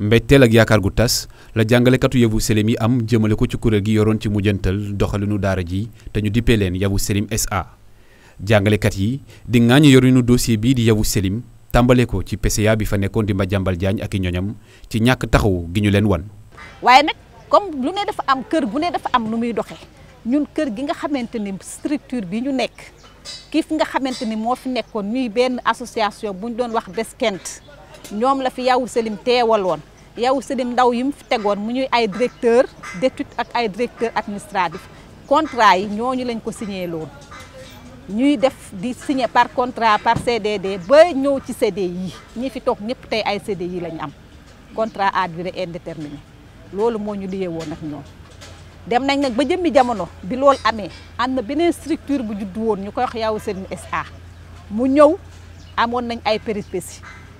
mbetteel ak yaakaar gu tas la jàngalekatu Yavuz Selim yi am jëmale ko ci kuréel gi yoroon ci mujjantal doxalinu daara ji te ñu dippee leen Yavuz Selim SA jàngalekat yi di ŋaañu yorinu dossier bii di Yavuz Selim tàmbale ko ci PCA bi fa nekkoon di ma jàmbal Diagne ak i ñoñam ci ñàkk taxawu gi ñu leen wan. waaye nag comme lu ne dafa am kër gu ne dafa am lu muy doxee ñun kër gi nga xamante ni structure bi ñu nekk kii fi nga xamante ni moo fi nekkoon ñuy benn association bu ñu doon wax Beskent. ñoom la fi Yawur Selim teewaloon woon Yawur Selim ndaw yi mu fi tegoon mu ñuy ay directeur d'étude ak ay directeur administratif contrat yi ñooñu lañ ko signé lool ñuy def di signé par contrat par d ba ñëw ci yi ñi fi toog ñëpp tey ay CDI lañ am contrat à durée indéterminée loolu moo ñu liyee woon ak ñoom dem nañ nag ba jëmmi jamono bi loolu amee am na beneen structure bu judd woon ñu ko wax Yawur Selim SA mu ñëw amoon nañ ay péripéties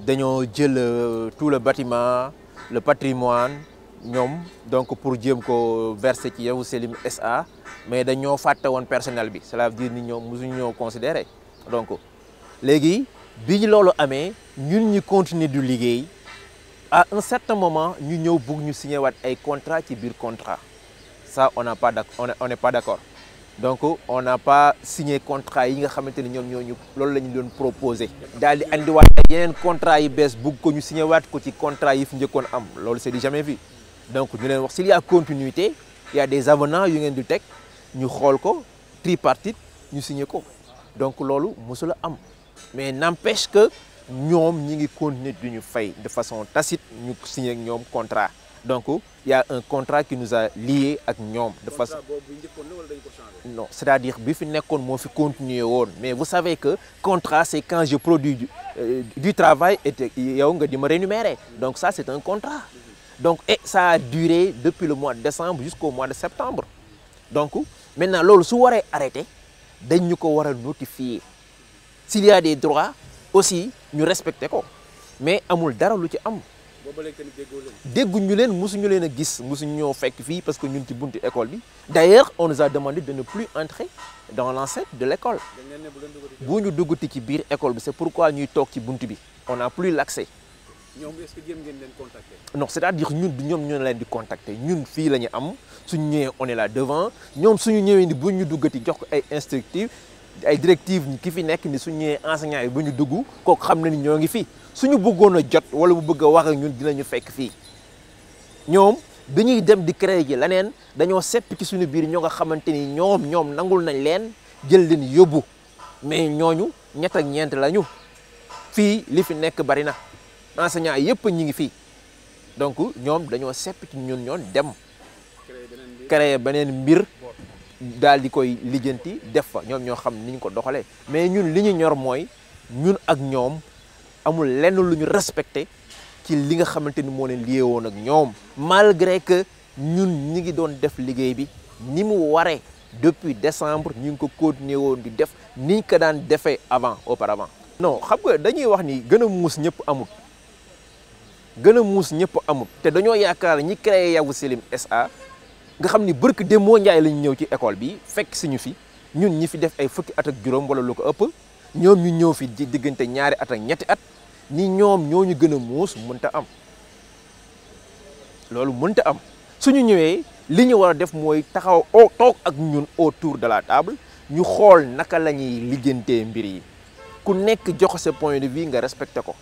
dañoo jël euh, tout le bâtiment le patrimoine ñom donc pour jéem ko verser ci Yahou Selim SA mais dañoo faté won personnel bi cela veut dire ni ñom musu ñoo considérer donc légui bi lolu amé ñun ñi continuer du liguey à un certain moment ñu ñëw bugg ñu signé wat ay contrat ci biir contrat ça on n'a pas on n'est pas d'accord donc on n'a pas signé contrat yi nga xamante ni ñoom ñooñu loolu la ñu doon proposé daal di andiwaat yeneen contrat yi bees bugg ko ñu signé waat ko ci contrat yi fi njëkkoon am loolu c'est du jamais vu donc ñu leen wax s'il y a continuité il y a des avenants yu ngeen du teg ñu xool ko tripartite ñu signé ko donc loolu mosul a am mais n'empêche que ñoom ñi ngi continuer duñu fay de façon tacite ñu signé ak contrat donc il y a un contrat qui nous a liés à nous. de façon non c'est-à-dire que nous nekkoon continuer mais vous savez que contrat c'est quand je produis du euh, travail et que nga me donc ça c'est un contrat donc ça a duré depuis le mois de décembre jusqu'au mois de septembre donc maintenant si su est arrêté nous ñu notifier s'il y a des droits aussi nous respectons. mais dégguñu leen mosuñu leen a gis mosuñu ñoo fekk fii parce que ñun ci buntu école bi d'ailleurs on nous a demandé de ne plus entrer dans l'enceinte de l'école bu ñu ci biir école bi c'est pourquoi ñuy toog ci bunt bi on n'a plus l'accès ñoom est-ce que jéem ngeen leen contacter non c'est-à-dire ñun du ñoom ñoo leen di contacter ñun fii la ñu am suñu ñëwee on est là devant ñoom suñu ñëwee ni bu ñu duggati jox ko ay instructives ay directive ki fi nekk nii suñu ñëwee enseignants yi bu ñu dugg kooku xam na ni ñoo ngi fi suñu bëggoon a jot wala mu bëgg a wax ak ñun dinañu fekk fii ñoom dañuy dem di créer ji leneen dañoo sepp ci suñu biir ñoo nga xamante ni ñoom ñoom nangul nañ leen jël leen yóbbu mais ñooñu ñett ak ñeent lañu fii li fi nekk bari na enseignants yëpp ñi ngi fii donc ñoom dañoo sepp ñun ñoon dem créer beneen mbir dal dikoy koy def fa ñom ñoo xam ni ñu ko doxale mais ñun liñu ñor moy ñun ak ñom amul lenn luñu ñu respecté ci li nga xamanteni mo moo leen lié won ak ñom malgré que ñun ñi ngi doon def liggéey bi ni mu waré depuis décembre ñu ko continuer won di def ni ko daan defee avant auparavant non xam nga dañuy wax ni gën mus muus ñëpp amut gën a muus ñëpp amut te dañoo yaakaar ñi créé yagu Selim SA nga xam ni barke Demba Ndiaye lañ ñëw ci école bi fekk suñu fi ñun ñi fi def ay fukki at ak juróom wala lu ko ëpp ñoom ñu ñëw fi ci diggante ñaari at ak ñetti at ni ñoom ñoo ñu gën a mun mënta am loolu mënta am suñu ñëwee li ñu war a def mooy taxaw oo toog ak ñun autour de la table ñu xool naka lañuy ñuy mbir yi ku nekk jox sa point de vue nga respecté ko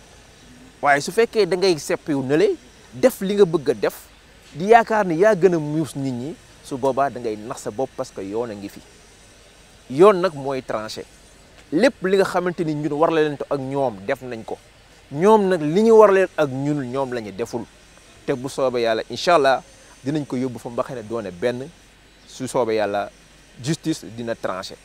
waaye su fekkee da ngay seppiw nële def li nga bëgg a def. di yaakaar ni yaa gën a muus nit ñi su boobaa da ngay nax sa bopp parce que yoon a ngi fi yoon nag mooy tranché lépp li nga xamante ni ñun war la leen ak ñoom def nañ ko ñoom nag li ñu war leen ak ñun ñoom la ñu deful te bu soobee yàlla incha allah dinañ ko yóbbu fa mbaxane doone benn su soobee yàlla justice dina tranché